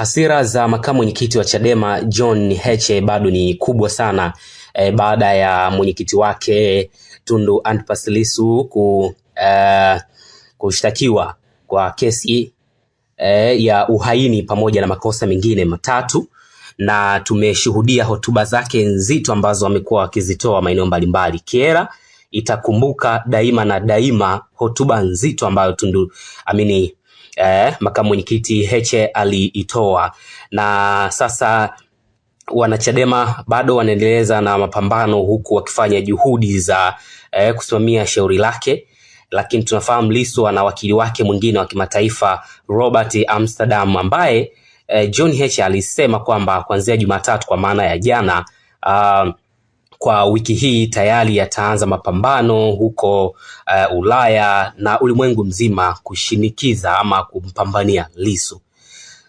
Hasira za makamu mwenyekiti wa Chadema John Heche bado ni kubwa sana e, baada ya mwenyekiti wake Tundu Antipas Lissu ku, e, kushtakiwa kwa kesi e, ya uhaini pamoja na makosa mengine matatu na tumeshuhudia hotuba zake nzito ambazo amekuwa akizitoa maeneo mbalimbali. Kiera itakumbuka daima na daima hotuba nzito ambayo Tundu amini eh, makamu mwenyekiti Heche aliitoa na sasa wanachadema bado wanaendeleza na mapambano huku wakifanya juhudi za eh, kusimamia shauri lake, lakini tunafahamu liso ana wakili wake mwingine wa kimataifa Robert Amsterdam ambaye eh, John Heche alisema kwamba kuanzia Jumatatu, kwa maana ya jana, uh, kwa wiki hii tayari yataanza mapambano huko uh, Ulaya na ulimwengu mzima kushinikiza ama kumpambania Lissu.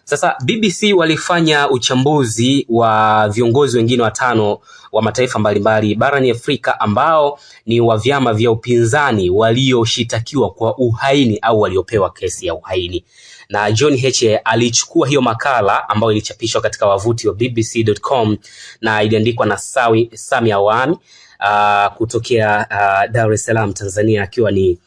Sasa BBC walifanya uchambuzi wa viongozi wengine watano wa mataifa mbalimbali barani Afrika ambao ni wa vyama vya upinzani walioshitakiwa kwa uhaini au waliopewa kesi ya uhaini na John Heche alichukua hiyo makala ambayo ilichapishwa katika wavuti wa bbc.com na iliandikwa na Sawi, Sami Awami uh, kutokea uh, Dar es Salaam Tanzania akiwa ni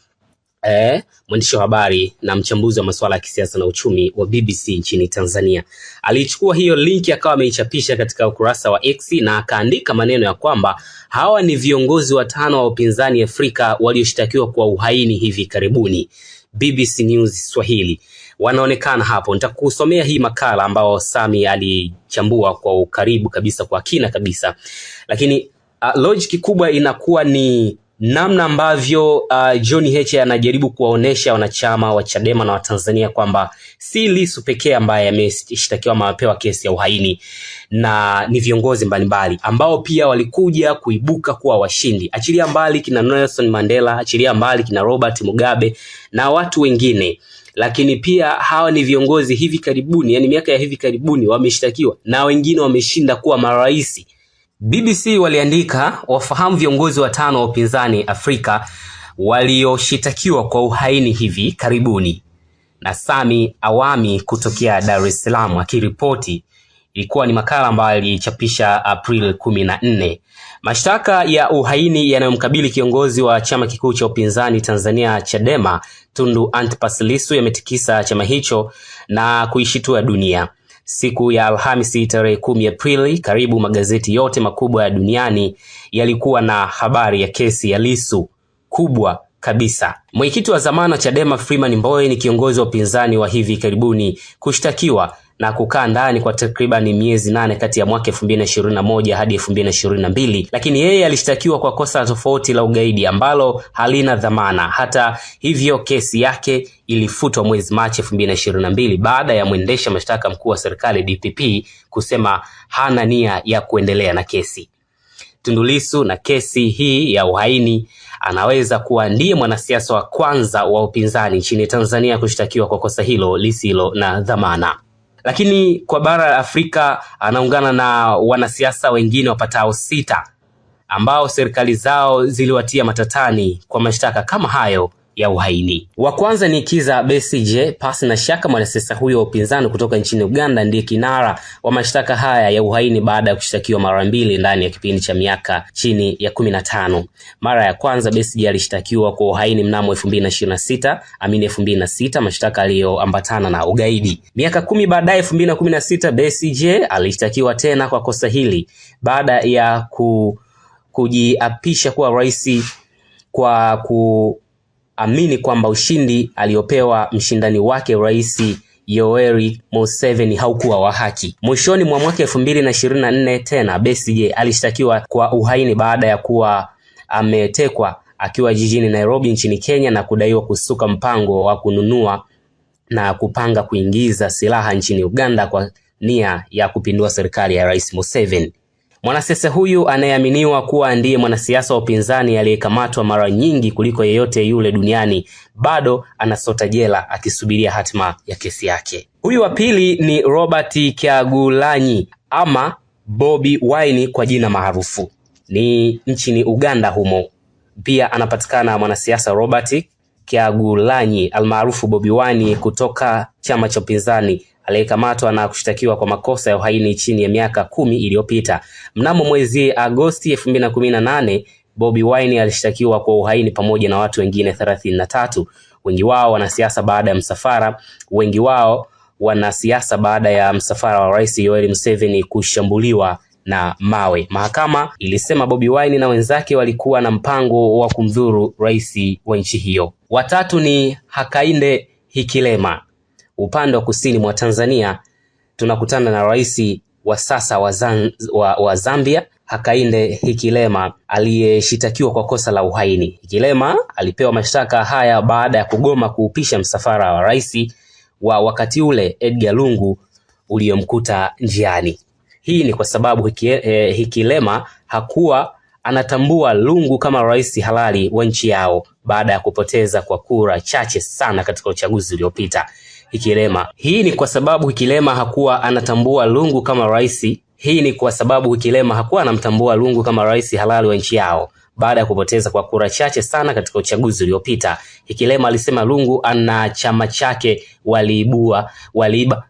eh, mwandishi wa habari na mchambuzi wa masuala ya kisiasa na uchumi wa BBC nchini Tanzania. Alichukua hiyo linki akawa ameichapisha katika ukurasa wa X na akaandika maneno ya kwamba hawa ni viongozi watano wa upinzani Afrika walioshtakiwa kwa uhaini hivi karibuni. BBC News Swahili wanaonekana hapo. Nitakusomea hii makala ambao Sami alichambua kwa ukaribu kabisa, kwa kina kabisa, lakini uh, logic kubwa inakuwa ni namna ambavyo uh, John h anajaribu kuwaonesha wanachama wa Chadema na Watanzania kwamba si lisu pekee ambaye ameshtakiwa mapewa kesi ya uhaini na ni viongozi mbalimbali ambao pia walikuja kuibuka kuwa washindi. Achilia mbali kina Nelson Mandela, achilia mbali kina Robert Mugabe na watu wengine lakini pia hawa ni viongozi hivi karibuni, yani miaka ya hivi karibuni wameshtakiwa na wengine wameshinda kuwa marais. BBC waliandika wafahamu viongozi watano wa upinzani Afrika walioshitakiwa kwa uhaini hivi karibuni, na Sami Awami kutokea Dar es Salaam akiripoti. Ilikuwa ni makala ambayo ilichapisha April kumi na nne. Mashtaka ya uhaini yanayomkabili kiongozi wa chama kikuu cha upinzani Tanzania Chadema Tundu Antipas Lissu yametikisa chama hicho na kuishitua dunia. Siku ya Alhamisi tarehe kumi Aprili, karibu magazeti yote makubwa ya duniani yalikuwa na habari ya kesi ya Lissu kubwa kabisa. Mwenyekiti wa zamani wa Chadema Freeman Mbowe ni kiongozi wa upinzani wa hivi karibuni kushtakiwa na kukaa ndani kwa takribani miezi nane kati ya mwaka moja hadi mbili lakini yeye alishtakiwa kwa kosa tofauti la ugaidi ambalo halina dhamana. Hata hivyo, kesi yake ilifutwa mwezi Machi mbili baada ya mwendesha mashtaka mkuu wa serikali DPP kusema hana nia ya kuendelea na kesi. tundulisu na kesi hii ya uhaini anaweza kuwa ndiye mwanasiasa wa kwanza wa upinzani nchini Tanzania kushtakiwa kwa kosa hilo lisilo na dhamana lakini kwa bara la Afrika anaungana na wanasiasa wengine wapatao sita ambao serikali zao ziliwatia matatani kwa mashtaka kama hayo ya uhaini. Wa kwanza ni Kiza Besigye. Pasi na shaka mwanasiasa huyo wa upinzani kutoka nchini Uganda ndiye kinara wa mashtaka haya ya uhaini baada ya kushtakiwa mara mbili ndani ya kipindi cha miaka chini ya kumi na tano. Mara ya kwanza Besigye alishtakiwa kwa uhaini mnamo 2026, amini 2006, mashtaka aliyoambatana na ugaidi. Miaka kumi baadaye 2016, Besigye alishtakiwa tena kwa kosa hili baada ya ku, kujiapisha kuwa rais kwa ku amini kwamba ushindi aliopewa mshindani wake Rais yoeri Museveni haukuwa wa haki. Mwishoni mwa mwaka elfu mbili na ishirini na nne tena Besigye alishtakiwa kwa uhaini baada ya kuwa ametekwa akiwa jijini Nairobi nchini Kenya na kudaiwa kusuka mpango wa kununua na kupanga kuingiza silaha nchini Uganda kwa nia ya kupindua serikali ya Rais Museveni. Mwanasiasa huyu anayeaminiwa kuwa ndiye mwanasiasa wa upinzani aliyekamatwa mara nyingi kuliko yeyote yule duniani bado anasota jela akisubiria hatima ya kesi yake. Huyu wa pili ni Robert Kyagulanyi ama Bobi Wine kwa jina maarufu, ni nchini Uganda humo pia anapatikana mwanasiasa Robert Kyagulanyi almaarufu Bobi Wine kutoka chama cha upinzani aliyekamatwa na kushtakiwa kwa makosa ya uhaini chini ya miaka kumi iliyopita. Mnamo mwezi Agosti 2018 Bobi Wine alishtakiwa kwa uhaini pamoja na watu wengine 33, wengi wao wanasiasa baada ya msafara, wengi wao wanasiasa baada ya msafara wa Rais Yoweri Museveni kushambuliwa na mawe. Mahakama ilisema Bobi Wine na wenzake walikuwa na mpango wa kumdhuru rais wa nchi hiyo. Watatu ni Hakainde Hikilema upande wa kusini mwa Tanzania tunakutana na rais wa sasa wa, Zan, wa, wa Zambia Hakainde Hikilema aliyeshitakiwa kwa kosa la uhaini. Hikilema alipewa mashtaka haya baada ya kugoma kuupisha msafara wa rais wa wakati ule Edgar Lungu uliyomkuta njiani. Hii ni kwa sababu Hikilema eh, hakuwa anatambua Lungu kama rais halali wa nchi yao baada ya kupoteza kwa kura chache sana katika uchaguzi uliopita. Hikilema. Hii ni kwa sababu Hikilema hakuwa anatambua Lungu kama rais. Hii ni kwa sababu Hikilema hakuwa anamtambua Lungu kama rais halali wa nchi yao baada ya kupoteza kwa kura chache sana katika uchaguzi uliopita. Hikilema alisema Lungu ana chama chake waliibua waliiba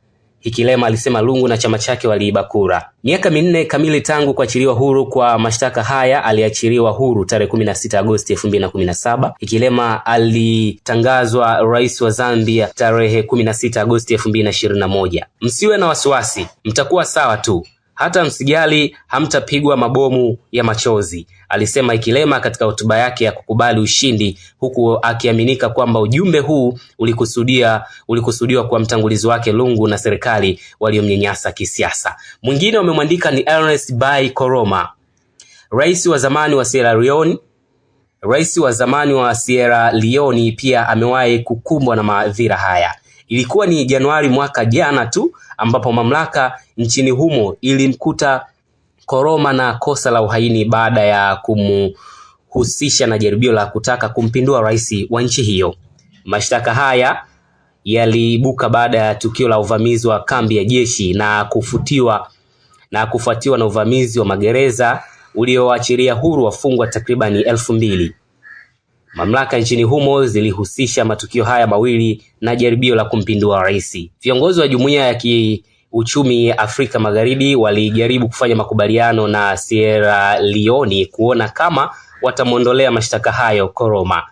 Ikilema alisema Lungu na chama chake waliiba kura. Miaka minne kamili tangu kuachiliwa huru kwa mashtaka haya, aliachiliwa huru tarehe 16 Agosti 2017. Ikilema alitangazwa rais wa Zambia tarehe 16 Agosti 2021. Msiwe na wasiwasi, mtakuwa sawa tu hata msigali hamtapigwa mabomu ya machozi, alisema Ikilema katika hotuba yake ya kukubali ushindi, huku akiaminika kwamba ujumbe huu ulikusudia ulikusudiwa kwa mtangulizi wake Lungu na serikali waliomnyanyasa kisiasa. Mwingine wamemwandika ni Ernest Bai Koroma, rais wa zamani wa Sierra Leone. Rais wa zamani wa Sierra Leone pia amewahi kukumbwa na maadhira haya. Ilikuwa ni Januari mwaka jana tu ambapo mamlaka nchini humo ilimkuta Koroma na kosa la uhaini baada ya kumhusisha na jaribio la kutaka kumpindua rais wa nchi hiyo. Mashtaka haya yaliibuka baada ya tukio la uvamizi wa kambi ya jeshi na kufutiwa na kufuatiwa na uvamizi wa magereza ulioachilia huru wafungwa takribani elfu mbili. Mamlaka nchini humo zilihusisha matukio haya mawili na jaribio la kumpindua rais. Viongozi wa jumuiya ya kiuchumi ya Afrika Magharibi walijaribu kufanya makubaliano na Sierra Leone kuona kama watamwondolea mashtaka hayo Koroma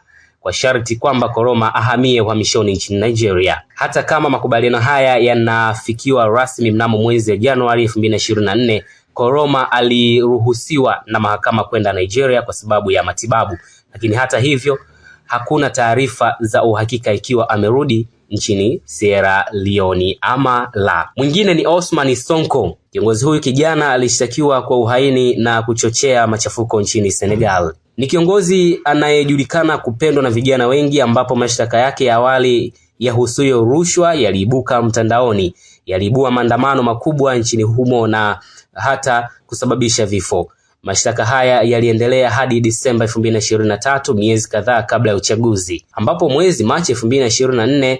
kwa sharti kwamba Koroma ahamie uhamishoni nchini Nigeria. Hata kama makubaliano haya yanafikiwa rasmi mnamo mwezi wa Januari 2024, Koroma aliruhusiwa na mahakama kwenda Nigeria kwa sababu ya matibabu. Lakini hata hivyo hakuna taarifa za uhakika ikiwa amerudi nchini Sierra Leone ama la. Mwingine ni Osman Sonko. Kiongozi huyu kijana alishtakiwa kwa uhaini na kuchochea machafuko nchini Senegal. Ni kiongozi anayejulikana kupendwa na vijana wengi, ambapo mashtaka yake ya awali yahusuyo rushwa yaliibuka mtandaoni, yaliibua maandamano makubwa nchini humo na hata kusababisha vifo. Mashtaka haya yaliendelea hadi Disemba 2023, miezi kadhaa kabla ya uchaguzi, ambapo mwezi Machi 2024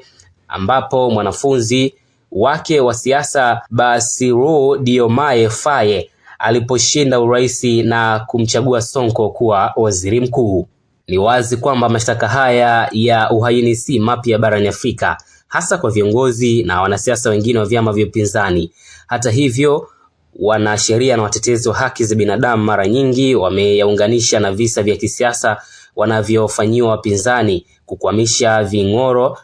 ambapo mwanafunzi wake wa siasa Bassirou Diomaye Faye aliposhinda urais na kumchagua Sonko kuwa waziri mkuu. Ni wazi kwamba mashtaka haya ya uhaini si mapya barani Afrika, hasa kwa viongozi na wanasiasa wengine wa vyama vya upinzani. Hata hivyo, Wanasheria na watetezi wa haki za binadamu mara nyingi wameyaunganisha na visa vya kisiasa wanavyofanyiwa wapinzani, kukwamisha ving'oro,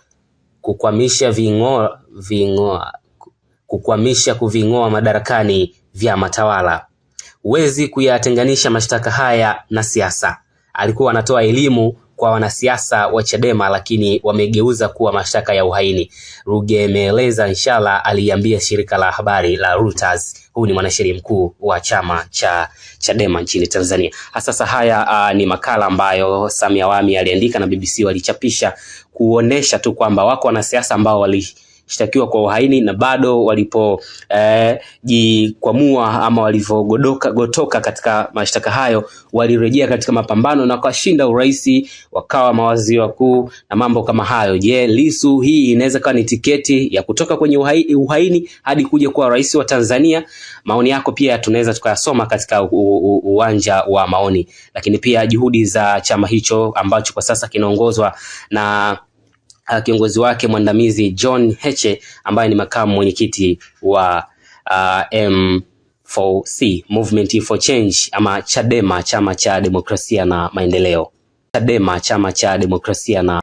kukwamisha ving'oa, ving'oa, kukwamisha kuving'oa madarakani vyama tawala. Huwezi kuyatenganisha mashtaka haya na siasa. Alikuwa anatoa elimu kwa wanasiasa wa Chadema, lakini wamegeuza kuwa mashtaka ya uhaini. ruge ameeleza Nshala aliambia shirika la habari la Reuters. Huyu ni mwanasheria mkuu wa chama cha Chadema nchini Tanzania. Sasa haya uh, ni makala ambayo Samia wami aliandika na BBC walichapisha kuonesha tu kwamba wako wanasiasa ambao wali shitakiwa kwa uhaini na bado walipojikwamua eh, ama walivyogodoka gotoka katika mashtaka hayo walirejea katika mapambano na wakashinda uraisi, wakawa mawaziri wakuu na mambo kama hayo. Je, lisu hii inaweza kawa ni tiketi ya kutoka kwenye uhaini, uhaini hadi kuja kuwa rais wa Tanzania? Maoni yako pia tunaweza tukayasoma katika u, u, uwanja wa maoni, lakini pia juhudi za chama hicho ambacho kwa sasa kinaongozwa na uh, kiongozi wake mwandamizi John Heche ambaye ni makamu mwenyekiti wa uh, M for C, Movement for Change ama Chadema, chama cha demokrasia na maendeleo. Chadema, chama cha demokrasia na